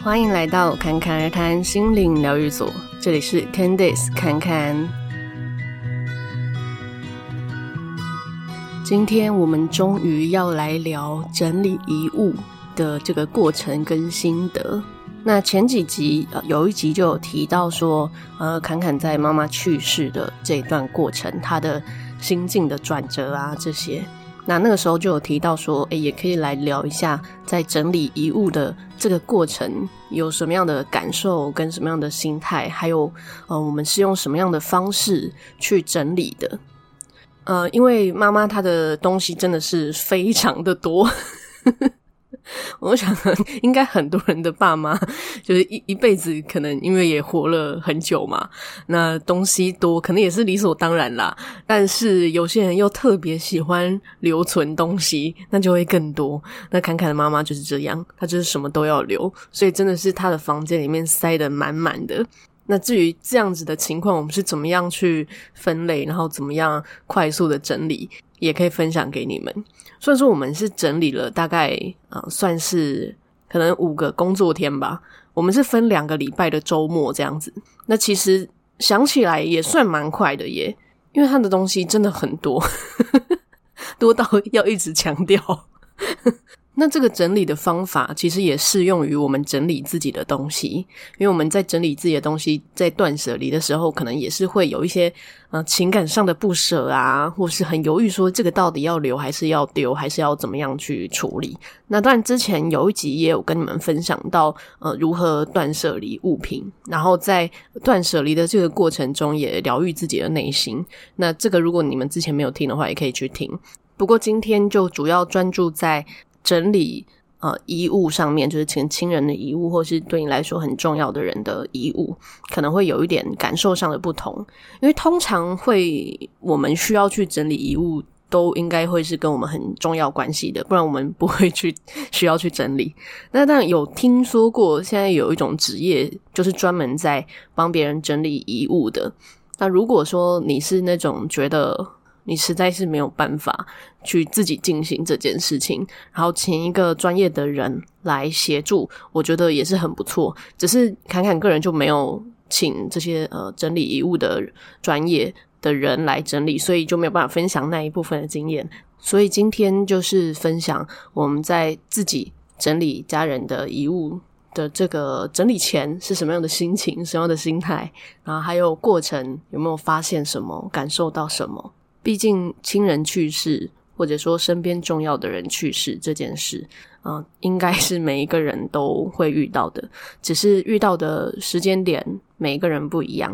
歡迎來到侃侃而談心靈療癒所，這裡是 Candice 侃侃。今天我們終於要來聊整理遺物的這個過程跟心得。那前幾集、呃、有一集就有提到說，呃侃侃在媽媽去世的這段過程，她的心境的轉折啊這些。那那個時候就有提到說，誒、欸，也可以來聊一下在整理遺物的這個過程，有什麼樣的感受，跟什麼樣的心態，還有呃，我們是用什麼樣的方式去整理的？呃，因為媽媽她的東西真的是非常的多。 我想，應該很多人的爸媽就是一一輩子，可能因為也活了很久嘛，那東西多，可能也是理所當然啦，但是有些人又特別喜歡留存東西，那就會更多。那侃侃的媽媽就是這樣，她就是什麼都要留，所以真的是她的房間裡面塞得滿滿的。那至於這樣子的情況，我們是怎麼樣去分類，然後怎麼樣快速的整理？也可以分享給你們。所以說，我們是整理了大概啊，算是可能五個工作天吧。我們是分兩個禮拜的周末這樣子。那其實想起來也算蠻快的耶，因為他的東西真的很多， 多到要一直強調。 那這個整理的方法其實也適用於我們整理自己的東西，因為我們在整理自己的東西，在斷舍離的時候，可能也是會有一些呃情感上的不舍啊，或是很猶豫，說這個到底要留還是要丟，還是要怎麼樣去處理。那當然之前有一集也有跟你們分享到，呃如何斷舍離物品，然後在斷舍離的這個過程中也療癒自己的內心。那這個如果你們之前沒有聽的話，也可以去聽。不過今天就主要專注在。整理呃遺物上面，就是請親人的遺物，或是對你來說很重要的人的遺物，可能會有一點感受上的不同。因為通常會我們需要去整理遺物，都應該會是跟我們很重要關係的，不然我們不會去需要去整理。那但有聽說過，現在有一種職業，就是專門在幫別人整理遺物的。那如果說你是那種覺得。你實在是沒有辦法去自己進行這件事情，然後請一個專業的人來協助，我覺得也是很不錯。只是 Candice 個人就沒有請這些呃整理遺物的專業的人來整理，所以就沒有辦法分享那一部分的經驗。所以今天就是分享我們在自己整理家人的遺物的這個整理前是什麼樣的心情、什麼樣的心態，然後還有過程有沒有發現什麼、感受到什麼。畢竟，親人去世，或者說身邊重要的人去世這件事，啊、呃，應該是每一個人都會遇到的，只是遇到的時間點，每一個人不一樣。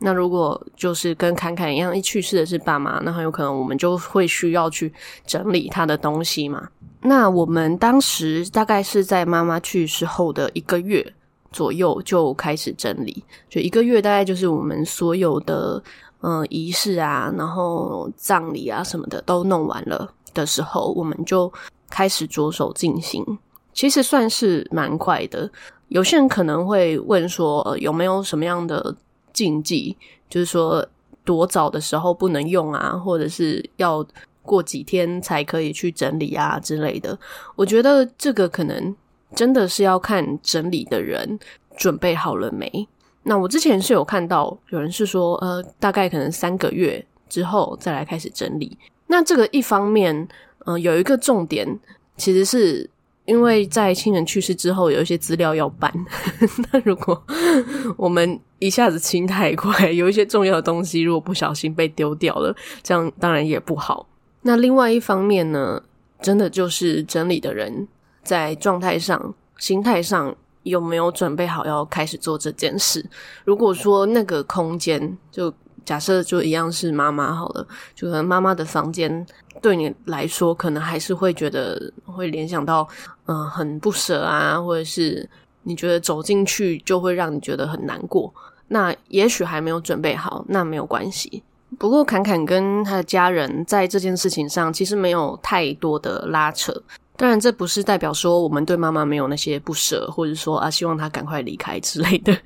那如果就是跟侃侃一樣，一去世的是爸媽，那很有可能我們就會需要去整理他的東西嘛。那我們當時大概是在媽媽去世後的一個月左右就開始整理，就一個月大概就是我們所有的。嗯、呃，儀式啊，然後葬禮啊什麼的都弄完了的時候，我們就開始着手進行。其實算是蠻快的。有些人可能會問說，呃、有沒有什麼樣的禁忌？就是說，多早的時候不能用啊，或者是要過幾天才可以去整理啊之類的。我覺得這個可能真的是要看整理的人準備好了沒。那我之前是有看到有人是說，呃，大概可能三個月之後再來開始整理。那這個一方面，嗯、呃，有一個重點，其實是因為在親人去世之後，有一些資料要辦。那如果我們一下子清太快，有一些重要的東西如果不小心被丟掉了，這樣當然也不好。那另外一方面呢，真的就是整理的人在狀態上、心態上。有沒有準備好要開始做這件事？如果說那個空間，就假設就一樣是媽媽好了，就可能媽媽的房間對你來說，可能還是會覺得會聯想到，嗯、呃，很不捨啊，或者是你覺得走進去就會讓你覺得很難過。那也許還沒有準備好，那沒有關係。不過，侃侃跟他的家人在這件事情上，其實沒有太多的拉扯。當然，這不是代表說我們對媽媽沒有那些不捨，或者說啊，希望她趕快離開之類的。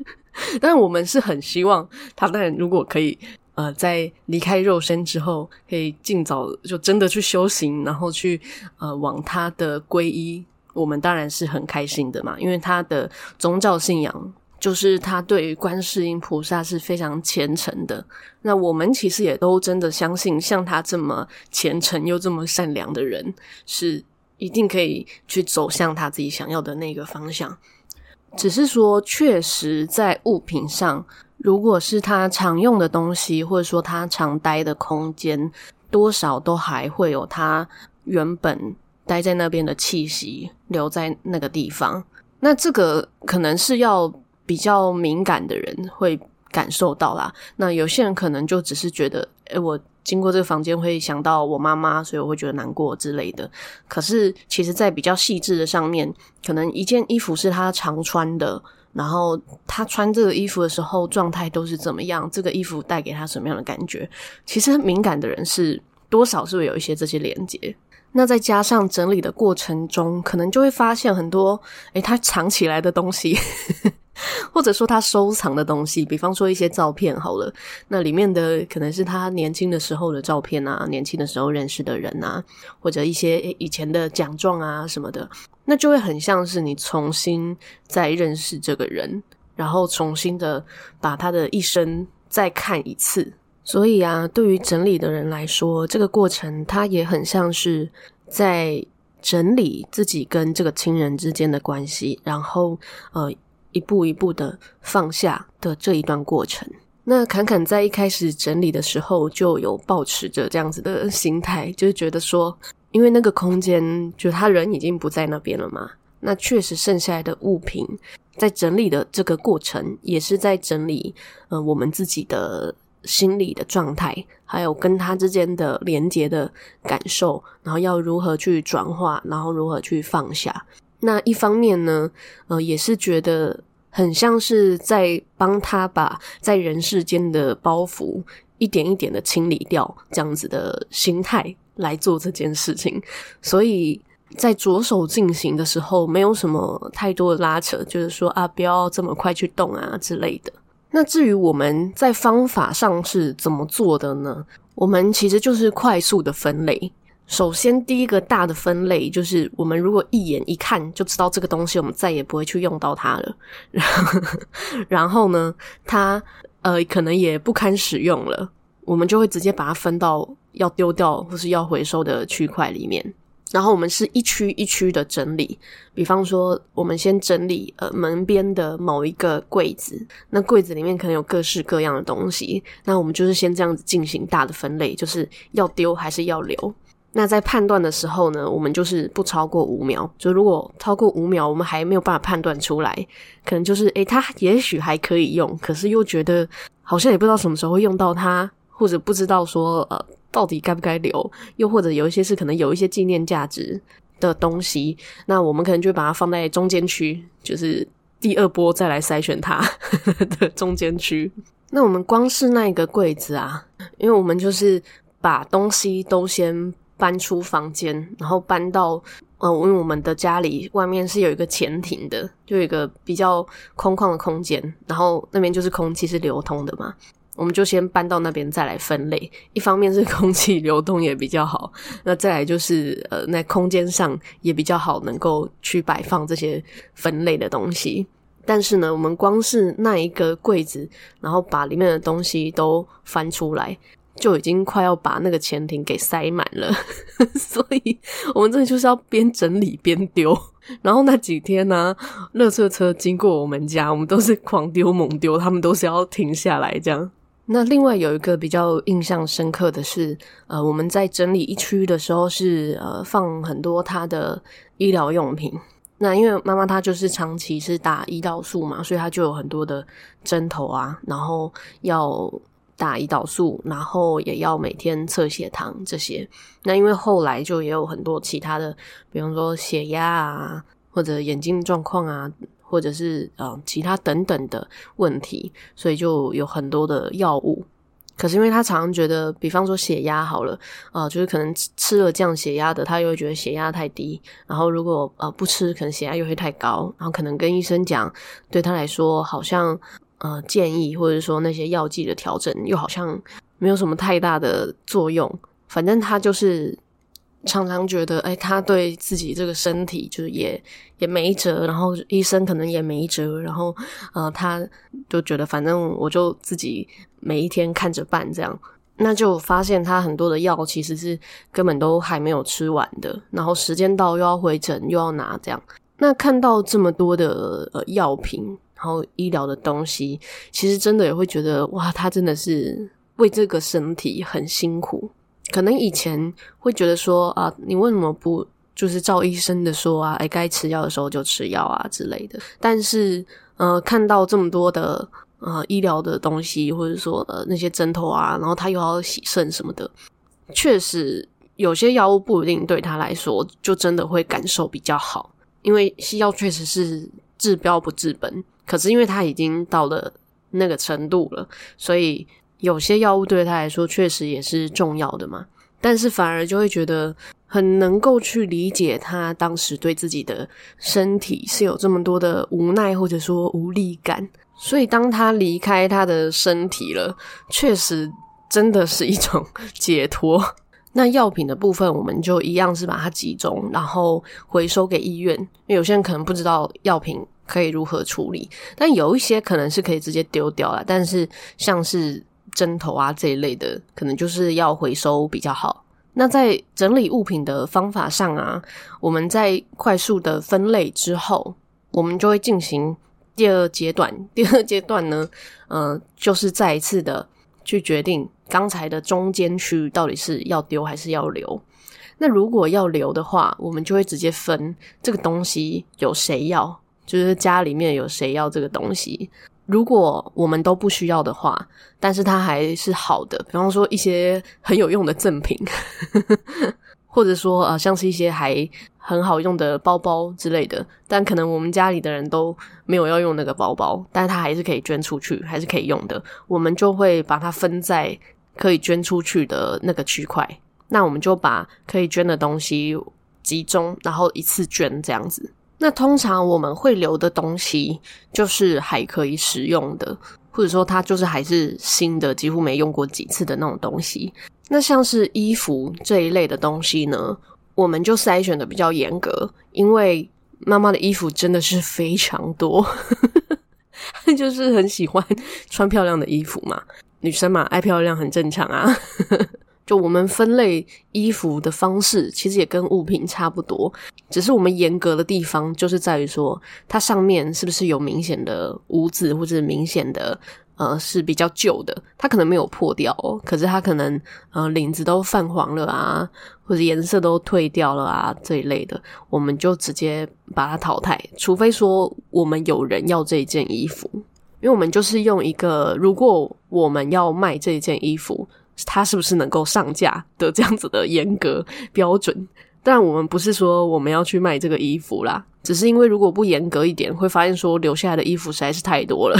但我們是很希望她，當然如果可以，呃，在離開肉身之後，可以盡早就真的去修行，然後去呃往她的皈依。我們當然是很開心的嘛，因為她的宗教信仰就是她對於觀世音菩薩是非常虔誠的。那我們其實也都真的相信，像她這麼虔誠又這麼善良的人是。一定可以去走向他自己想要的那個方向，只是說，確實在物品上，如果是他常用的東西，或者說他常待的空間，多少都還會有他原本待在那邊的氣息留在那個地方。那這個可能是要比較敏感的人會感受到啦。那有些人可能就只是覺得，誒，我。經過這個房間會想到我媽媽，所以我會覺得難過之類的。可是，其實，在比較細緻的上面，可能一件衣服是她常穿的，然後她穿這個衣服的時候狀態都是怎麼樣，這個衣服帶給她什麼樣的感覺？其實，敏感的人是多少是會有一些這些連接。那再加上整理的過程中，可能就會發現很多，誒、欸，他藏起來的東西， 或者說他收藏的東西，比方說一些照片好了，那裡面的可能是他年輕的時候的照片啊，年輕的時候認識的人啊，或者一些、欸、以前的獎狀啊什麼的，那就會很像是你重新再認識這個人，然後重新的把他的一生再看一次。所以啊，對於整理的人來說，這個過程它也很像是在整理自己跟這個親人之間的關係，然後呃一步一步的放下的這一段過程。那侃侃在一開始整理的時候，就有抱持着這樣子的心態，就是覺得說，因為那個空間就他人已經不在那邊了嘛，那確實剩下來的物品在整理的這個過程，也是在整理嗯、呃、我們自己的。心理的狀態，還有跟他之間的連結的感受，然後要如何去轉化，然後如何去放下。那一方面呢，呃，也是覺得很像是在幫他把在人世間的包袱一點一點的清理掉，這樣子的心態來做這件事情。所以在着手進行的時候，沒有什麼太多的拉扯，就是說啊，不要這麼快去動啊之類的。那至於我們在方法上是怎麼做的呢？我們其實就是快速的分類。首先，第一個大的分類就是，我們如果一眼一看就知道這個東西，我們再也不會去用到它了。然後呢，它呃可能也不堪使用了，我們就會直接把它分到要丟掉或是要回收的區塊裡面。然後我們是一區一區的整理，比方說我們先整理呃門邊的某一個櫃子，那櫃子裡面可能有各式各樣的東西，那我們就是先這樣子進行大的分類，就是要丟還是要留？那在判斷的時候呢，我們就是不超過五秒，就如果超過五秒，我們還沒有辦法判斷出來，可能就是誒，它也許還可以用，可是又覺得好像也不知道什麼時候會用到它，或者不知道說呃。到底該不該留？又或者有一些是可能有一些紀念價值的東西，那我們可能就把它放在中間區，就是第二波再來篩選它。 的中間區，那我們光是那個櫃子啊，因為我們就是把東西都先搬出房間，然後搬到呃，因為我們的家裡外面是有一個前庭的，就有一個比較空曠的空間，然後那邊就是空氣是流通的嘛。我們就先搬到那邊再來分類。一方面是空氣流動也比較好，那再來就是呃，那空間上也比較好，能夠去擺放這些分類的東西。但是呢，我們光是那一個櫃子，然後把裡面的東西都翻出來，就已經快要把那個前庭給塞滿了。 所以我們這裡就是要邊整理邊丟。然後那幾天呢、啊，垃圾車經過我們家，我們都是狂丟猛丟，他們都是要停下來這樣。那另外有一個比較印象深刻的是，呃，我們在整理一區的時候是呃放很多他的醫療用品。那因為媽媽她就是長期是打胰島素嘛，所以她就有很多的針頭啊，然後要打胰島素，然後也要每天測血糖這些。那因為後來就也有很多其他的，比方說血壓啊，或者眼睛狀況啊。或者是呃其他等等的問題，所以就有很多的藥物。可是因為他常常覺得，比方說血壓好了，啊、呃，就是可能吃了降血壓的，他又會覺得血壓太低；然後如果呃不吃，可能血壓又會太高。然後可能跟醫生講，對他來說好像呃建議，或者說那些藥劑的調整又好像沒有什麼太大的作用。反正他就是，常常覺得，哎、欸，他對自己這個身體就，就是也也沒轍，然後醫生可能也沒轍，然後呃，他就覺得反正我就自己每一天看着辦這樣，那就發現他很多的藥其實是根本都還沒有吃完的，然後時間到又要回診又要拿這樣，那看到這麼多的、呃、藥品，然後醫療的東西，其實真的也會覺得哇，他真的是為這個身體很辛苦。可能以前會覺得說啊，你為什麼不就是照醫生的說啊？哎、欸，該吃藥的時候就吃藥啊之類的。但是呃，看到這麼多的呃醫療的東西，或者說呃那些針頭啊，然後他又要洗腎什麼的，確實有些藥物不一定對他來說就真的會感受比較好。因為西藥確實是治標不治本，可是因為他已經到了那個程度了，所以。有些藥物對他來說確實也是重要的嘛，但是反而就會覺得很能夠去理解他當時對自己的身體是有這麼多的無奈或者說無力感，所以當他離開他的身體了，確實真的是一種解脫。那藥品的部分，我們就一樣是把它集中，然後回收給醫院，因為有些人可能不知道藥品可以如何處理，但有一些可能是可以直接丟掉了，但是像是針頭啊這一類的，可能就是要回收比較好。那在整理物品的方法上啊，我們在快速的分類之後，我們就會進行第二階段。第二階段呢，呃，就是再一次的去決定剛才的中間區到底是要丟還是要留。那如果要留的話，我們就會直接分這個東西有誰要，就是家裡面有誰要這個東西。如果我們都不需要的話，但是它還是好的。比方說一些很有用的贈品，呵呵，或者說呃，像是一些還很好用的包包之類的，但可能我們家裡的人都沒有要用那個包包，但是它還是可以捐出去，還是可以用的。我們就會把它分在可以捐出去的那個區塊，那我們就把可以捐的東西集中，然後一次捐，這樣子。那通常我們會留的東西，就是還可以使用的，或者說它就是還是新的，幾乎沒用過幾次的那種東西。那像是衣服這一類的東西呢，我們就篩選的比較嚴格，因為媽媽的衣服真的是非常多， 就是很喜歡穿漂亮的衣服嘛，女生嘛愛漂亮很正常啊。 就我們分類衣服的方式，其實也跟物品差不多，只是我們嚴格的地方就是在於說，它上面是不是有明顯的污漬，或者明顯的呃是比較舊的，它可能沒有破掉，哦，可是它可能呃領子都泛黃了啊，或者顏色都褪掉了啊這一類的，我們就直接把它淘汰，除非說我們有人要這件衣服，因為我們就是用一個，如果我們要賣這件衣服。他是不是能夠上架的這樣子的嚴格標準？但我們不是說我們要去賣這個衣服啦，只是因為如果不嚴格一點，會發現說留下來的衣服實在是太多了。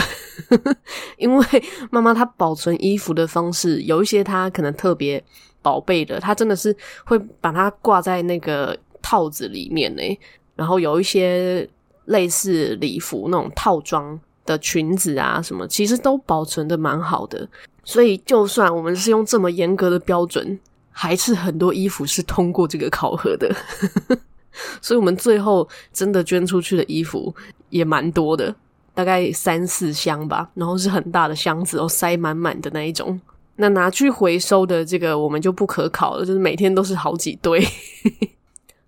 因為媽媽她保存衣服的方式，有一些她可能特別寶貝的，她真的是會把它掛在那個套子裡面呢、欸。然後有一些類似禮服那種套裝。的裙子啊，什麼其實都保存的蠻好的，所以就算我們是用這麼嚴格的標準，還是很多衣服是通過這個考核的。 所以我們最後真的捐出去的衣服也蠻多的，大概三四箱吧，然後是很大的箱子，都、哦、塞滿滿的那一種。那拿去回收的這個我們就不可考了，就是每天都是好幾堆。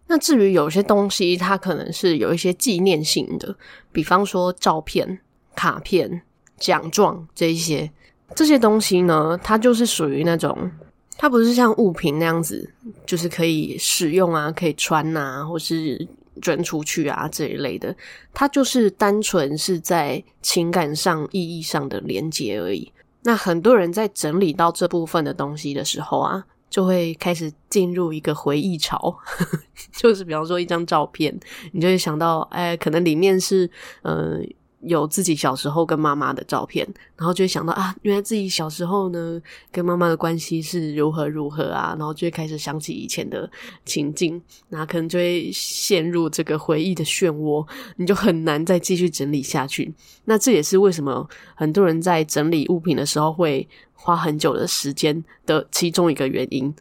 那至於有些東西，它可能是有一些紀念性的，比方說照片。卡片、獎狀這一些，這些東西呢，它就是屬於那種，它不是像物品那樣子，就是可以使用啊，可以穿吶、啊，或是捐出去啊這一類的。它就是單純是在情感上、意義上的連接而已。那很多人在整理到這部分的東西的時候啊，就會開始進入一個回憶潮， 就是比方說一張照片，你就會想到，哎、欸，可能裡面是嗯。呃有自己小時候跟媽媽的照片，然後就會想到啊，原來自己小時候呢跟媽媽的關係是如何如何啊，然後就會開始想起以前的情境，那可能就會陷入這個回憶的漩渦，你就很難再繼續整理下去。那這也是為什麼很多人在整理物品的時候會花很久的時間的其中一個原因。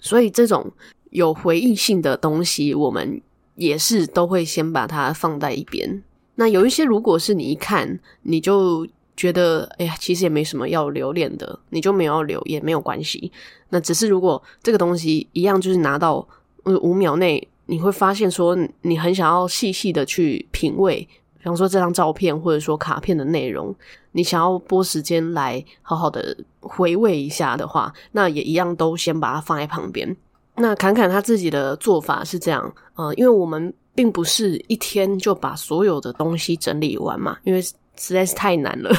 所以，這種有回憶性的東西，我們也是都會先把它放在一邊。那有一些，如果是你一看，你就覺得，哎呀，其實也沒什麼要留戀的，你就沒有要留，也沒有關係。那只是如果這個東西一樣，就是拿到五秒內，你會發現說，你很想要細細的去品味，比方說這張照片或者說卡片的內容，你想要撥時間來好好的回味一下的話，那也一樣都先把它放在旁邊。那 Candice 他自己的做法是這樣，呃，因為我們。並不是一天就把所有的東西整理完嘛，因為實在是太難了。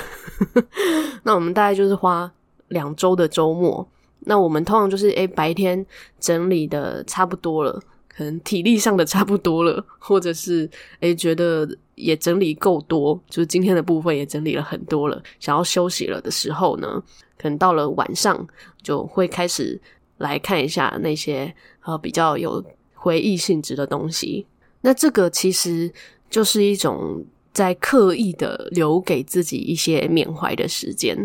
那我們大概就是花兩週的周末。那我們通常就是，欸，白天整理的差不多了，可能體力上的差不多了，或者是，欸，覺得也整理夠多，就是今天的部分也整理了很多了，想要休息了的時候呢，可能到了晚上就會開始來看一下那些呃比較有回憶性質的東西。那這個其實就是一種在刻意的留給自己一些緬懷的時間，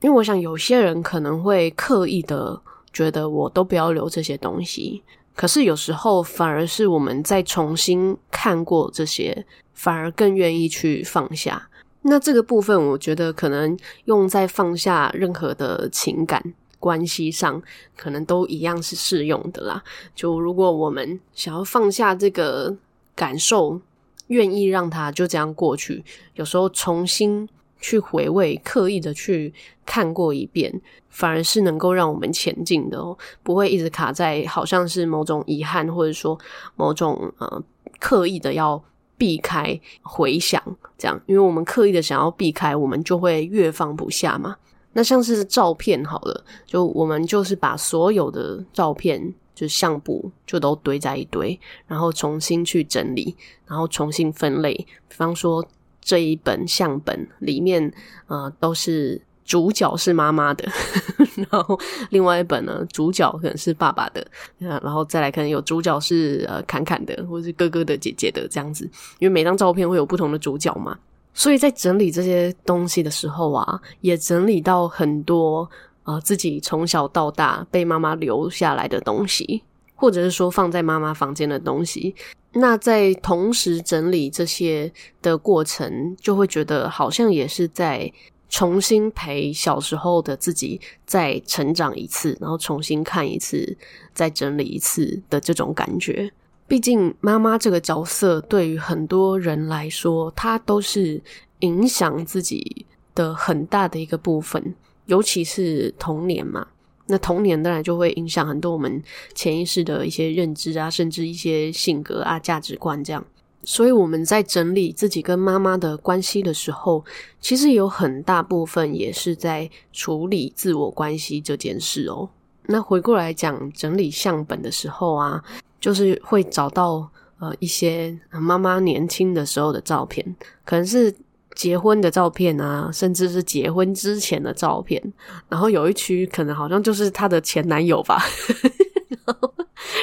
因為我想有些人可能會刻意的覺得我都不要留這些東西，可是有時候反而是我們再重新看過這些，反而更願意去放下。那這個部分，我覺得可能用在放下任何的情感關係上，可能都一樣是適用的啦。就如果我們想要放下這個，感受，願意讓它就這樣過去。有時候重新去回味，刻意的去看過一遍，反而是能夠讓我們前進的哦、喔。不會一直卡在，好像是某種遺憾，或者說某種呃刻意的要避開回想這樣。因為我們刻意的想要避開，我們就會越放不下嘛。那像是照片好了，就我們就是把所有的照片。就相簿，就都堆在一堆，然後重新去整理，然後重新分類。比方說，這一本相本裡面，呃，都是主角是媽媽的， 然後另外一本呢，主角可能是爸爸的，啊、然後再來可能有主角是呃侃侃的，或者是哥哥的、姐姐的這樣子。因為每張照片會有不同的主角嘛，所以在整理這些東西的時候啊，也整理到很多。啊、呃，自己從小到大被媽媽留下來的東西，或者是說放在媽媽房間的東西，那在同時整理這些的過程，就會覺得好像也是在重新陪小時候的自己再成長一次，然後重新看一次，再整理一次的這種感覺。畢竟媽媽這個角色對於很多人來說，她都是影響自己的很大的一個部分。尤其是童年嘛，那童年當然就會影響很多我們潛意識的一些認知啊，甚至一些性格啊、價值觀這樣。所以我們在整理自己跟媽媽的關係的時候，其實有很大部分也是在處理自我關係這件事喔。那回過來講，整理相本的時候啊，就是會找到，呃，一些媽媽年輕的時候的照片，可能是。結婚的照片啊，甚至是結婚之前的照片，然後有一區可能好像就是她的前男友吧， 然後，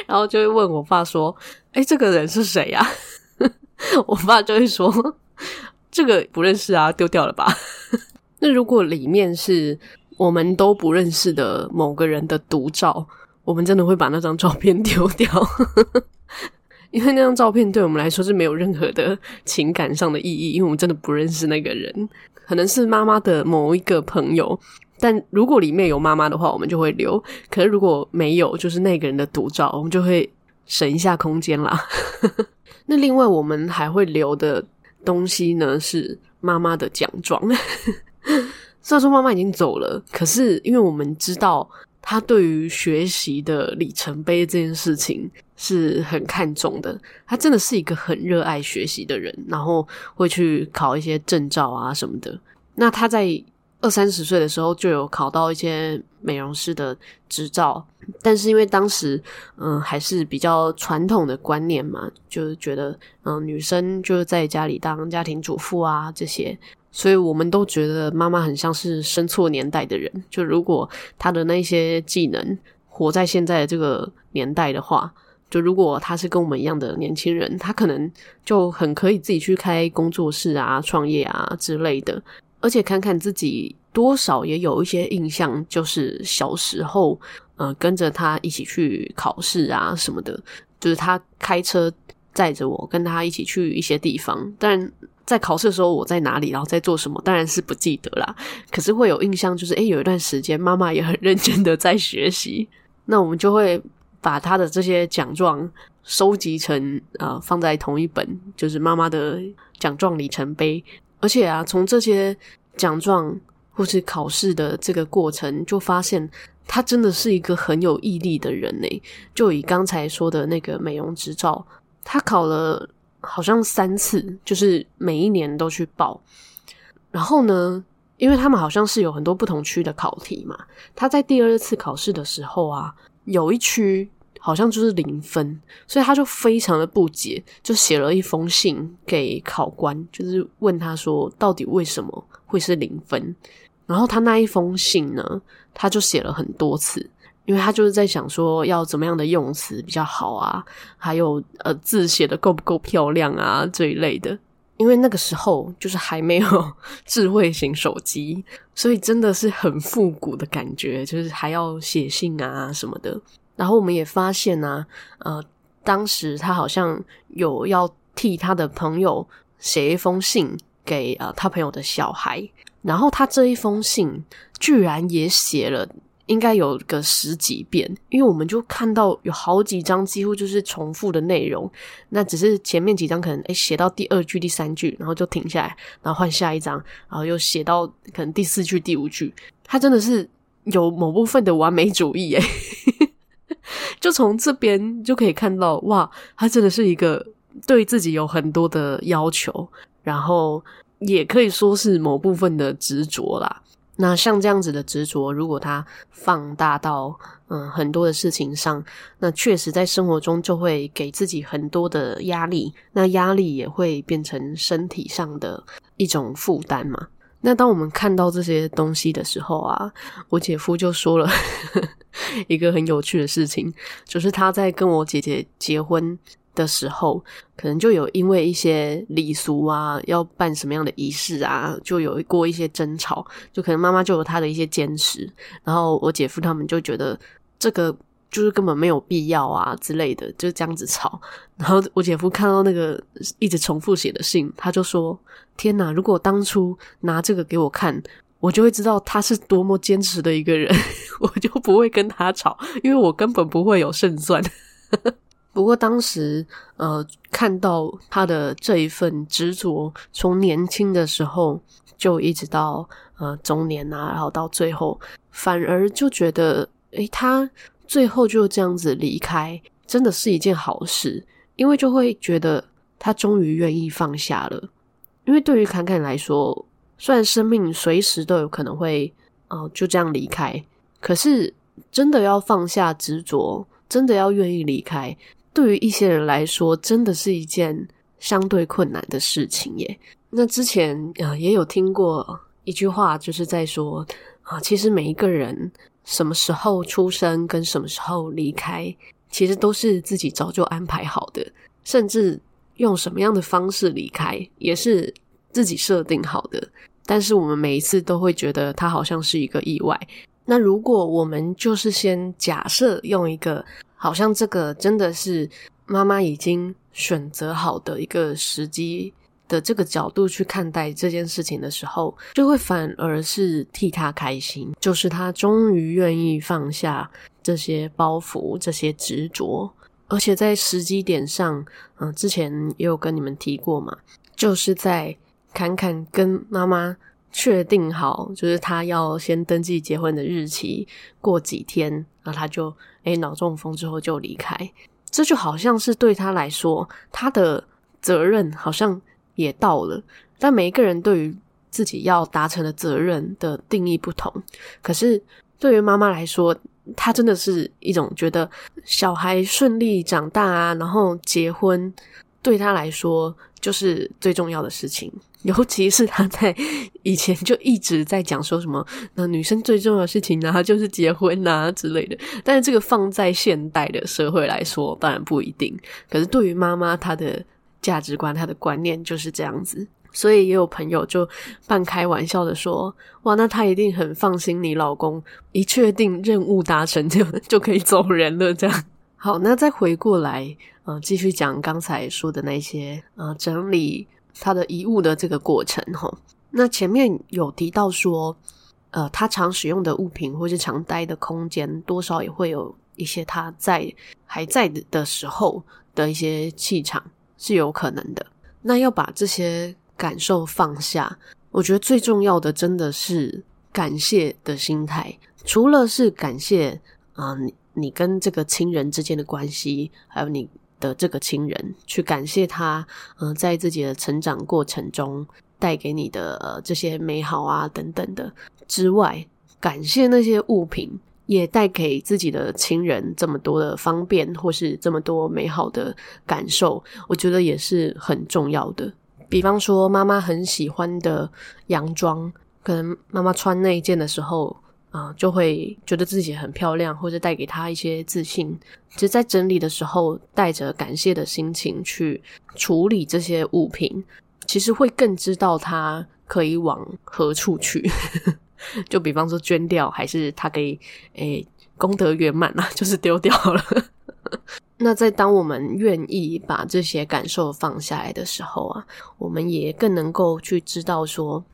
然後就會問我爸說：“哎，這個人是誰呀？” 我爸就會說：“這個不認識啊，丟掉了吧。 ”那如果裡面是我們都不認識的某個人的獨照，我們真的會把那張照片丟掉。 因為那張照片對我們來說是沒有任何的情感上的意義，因為我們真的不認識那個人，可能是媽媽的某一個朋友。但如果裡面有媽媽的話，我們就會留；可是如果沒有，就是那個人的獨照，我們就會省一下空間啦。 那另外我們還會留的東西呢，是媽媽的獎狀。 雖然說媽媽已經走了，可是因為我們知道她對於學習的里程碑這件事情，是很看重的，她真的是一個很熱愛學習的人，然後會去考一些證照啊什麼的。那她在二三十歲的時候就有考到一些美容師的執照，但是因為當時嗯，還是比較傳統的觀念嘛，就覺得嗯，女生就是在家裡當家庭主婦啊這些，所以我們都覺得媽媽很像是生錯年代的人。就如果她的那些技能活在現在這個年代的話。就如果他是跟我們一樣的年輕人，他可能就很可以自己去開工作室啊、創業啊之類的。而且看看自己多少也有一些印象，就是小時候，呃，跟着他一起去考試啊什麼的，就是他開車載着我，跟他一起去一些地方。但在考試的時候，我在哪裡，然後在做什麼，當然是不記得啦。可是會有印象，就是誒，有一段時間，媽媽也很認真的在學習。那我們就會。把他的這些獎狀收集成，呃，放在同一本，就是媽媽的獎狀里程碑。而且啊，從這些獎狀或是考試的這個過程，就發現他真的是一個很有毅力的人誒、欸，就以剛才說的那個美容執照，他考了好像三次，就是每一年都去報。然後呢，因為他們好像是有很多不同區的考題嘛，他在第二次考試的時候啊。有一區好像就是零分，所以他就非常的不解，就寫了一封信給考官，就是問他說到底為什麼會是零分？然後他那一封信呢，他就寫了很多次，因為他就是在想說要怎麼樣的用詞比較好啊，還有，呃，字寫得夠不夠漂亮啊，這一類的。因為那個時候就是還沒有智慧型手機，所以真的是很復古的感覺，就是還要寫信啊什麼的。然後我們也發現啊，呃，當時他好像有要替他的朋友寫一封信給，呃，他朋友的小孩，然後他這一封信居然也寫了。應該有個十幾遍，因為我們就看到有好幾張幾乎就是重複的內容。那只是前面幾張可能哎寫到第二句、第三句，然後就停下來，然後換下一張，然後又寫到可能第四句、第五句。他真的是有某部分的完美主義哎， 就從這邊就可以看到哇，他真的是一個對自己有很多的要求，然後也可以說是某部分的執着啦。那像這樣子的執着，如果它放大到嗯很多的事情上，那確實在生活中就會給自己很多的壓力，那壓力也會變成身體上的一種負擔嘛。那當我們看到這些東西的時候啊，我姐夫就說了 一個很有趣的事情，就是他在跟我姐姐結婚。的時候，可能就有因為一些禮俗啊，要辦什麼樣的儀式啊，就有過一些爭吵。就可能媽媽就有她的一些堅持，然後我姐夫他們就覺得這個就是根本沒有必要啊之類的，就這樣子吵。然後我姐夫看到那個一直重複寫的信，他就說：“天哪！如果我當初拿這個給我看，我就會知道他是多麼堅持的一個人， 我就不會跟他吵，因為我根本不會有勝算。 ”不過當時，呃，看到他的這一份執着，從年輕的時候就一直到呃中年啊，然後到最後，反而就覺得，誒，他最後就這樣子離開，真的是一件好事，因為就會覺得他終於願意放下了。因為對於侃侃來說，雖然生命隨時都有可能會啊，呃，就這樣離開，可是真的要放下執着，真的要願意離開。對於一些人來說，真的是一件相對困難的事情耶。那之前啊、呃，也有聽過一句話，就是在說啊，其實每一個人什麼時候出生跟什麼時候離開，其實都是自己早就安排好的，甚至用什麼樣的方式離開，也是自己設定好的。但是我們每一次都會覺得它好像是一個意外。那如果我們就是先假設用一個。好像這個真的是媽媽已經選擇好的一個時機的這個角度去看待這件事情的時候，就會反而是替她開心，就是她終於願意放下這些包袱、這些執着，而且在時機點上，嗯，之前也有跟你們提過嘛，就是在侃侃跟媽媽確定好，就是她要先登記結婚的日期，過幾天。然後他就哎、欸、腦中風之後就離開，這就好像是對他來說，他的責任好像也到了。但每一個人對於自己要達成的責任的定義不同，可是對於媽媽來說，她真的是一種覺得小孩順利長大啊，然後結婚，對他來說就是最重要的事情。尤其是他在以前就一直在講說什麼，那女生最重要的事情，然後就是結婚啊之類的。但是這個放在現代的社會來說，當然不一定。可是對於媽媽，她的價值觀、她的觀念就是這樣子。所以也有朋友就半開玩笑的說：“哇，那她一定很放心你老公，一確定任務達成就就可以走人了。”這樣。好，那再回過來，呃，繼續講剛才說的那些，呃，整理。他的遺物的這個過程，哈，那前面有提到說，呃，他常使用的物品或是常待的空間，多少也會有一些他在還在的的時候的一些氣場，是有可能的。那要把這些感受放下，我覺得最重要的真的是感謝的心態。除了是感謝啊，呃，你你跟這個親人之間的關係，還有你。的這個親人去感謝他，嗯、呃，在自己的成長過程中帶給你的、呃、這些美好啊等等的之外，感謝那些物品也帶給自己的親人這麼多的方便或是這麼多美好的感受，我覺得也是很重要的。比方說，媽媽很喜歡的洋裝，可能媽媽穿那一件的時候。啊，就會覺得自己很漂亮，或者帶給他一些自信。其實，在整理的時候，帶着感謝的心情去處理這些物品，其實會更知道它可以往何處去。 就比方說，捐掉，還是他可以誒、欸、功德圓滿了、啊，就是丟掉了。 那在當我們願意把這些感受放下來的時候啊，我們也更能夠去知道說。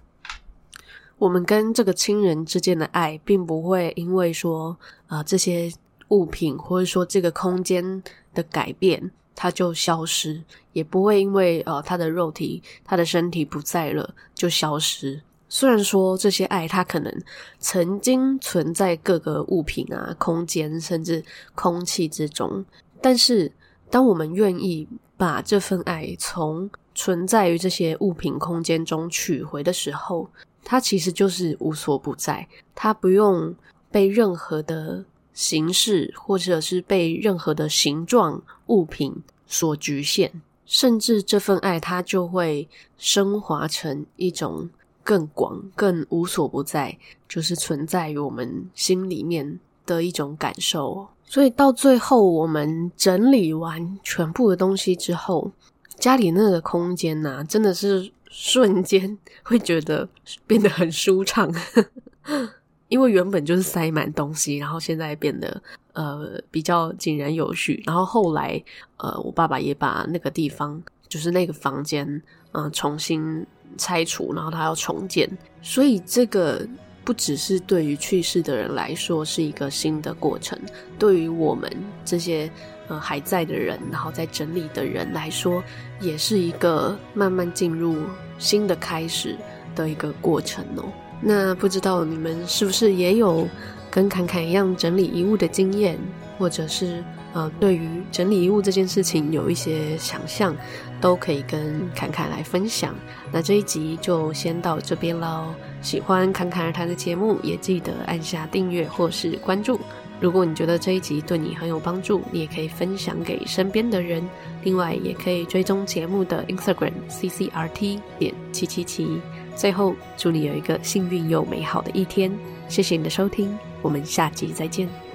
我們跟這個親人之間的愛，並不會因為說啊、呃、這些物品，或者說這個空間的改變，它就消失；也不會因為呃他的肉體、他的身體不在了就消失。雖然說這些愛，它可能曾經存在各個物品啊、空間，甚至空氣之中，但是當我們願意把這份愛從存在於這些物品、空間中取回的時候，它其實就是無所不在，它不用被任何的形式或者是被任何的形狀物品所侷限，甚至這份愛它就會升華成一種更廣、更無所不在，就是存在於我們心裡面的一種感受哦。所以到最後，我們整理完全部的東西之後，家裡那個空間吶、啊，真的是。瞬間會覺得變得很舒暢， 因為原本就是塞滿東西，然後現在變得呃比較井然有序。然後後來呃，我爸爸也把那個地方，就是那個房間，嗯、呃，重新拆除，然後他要重建。所以這個不只是對於去世的人來說是一個新的過程，對於我們這些。呃，還在的人，然後在整理的人來說，也是一個慢慢進入新的開始的一個過程哦。那不知道你們是不是也有跟侃侃一樣整理遺物的經驗，或者是呃，對於整理遺物這件事情有一些想象，都可以跟侃侃來分享。那這一集就先到這邊嘍哦。喜歡侃侃兒他的節目，也記得按下訂閱或是關注。如果你覺得這一集對你很有幫助，你也可以分享給身邊的人。另外，也可以追蹤節目的 Instagram CCRT 點七七七。最後，祝你有一個幸運又美好的一天。謝謝你的收聽，我們下集再見。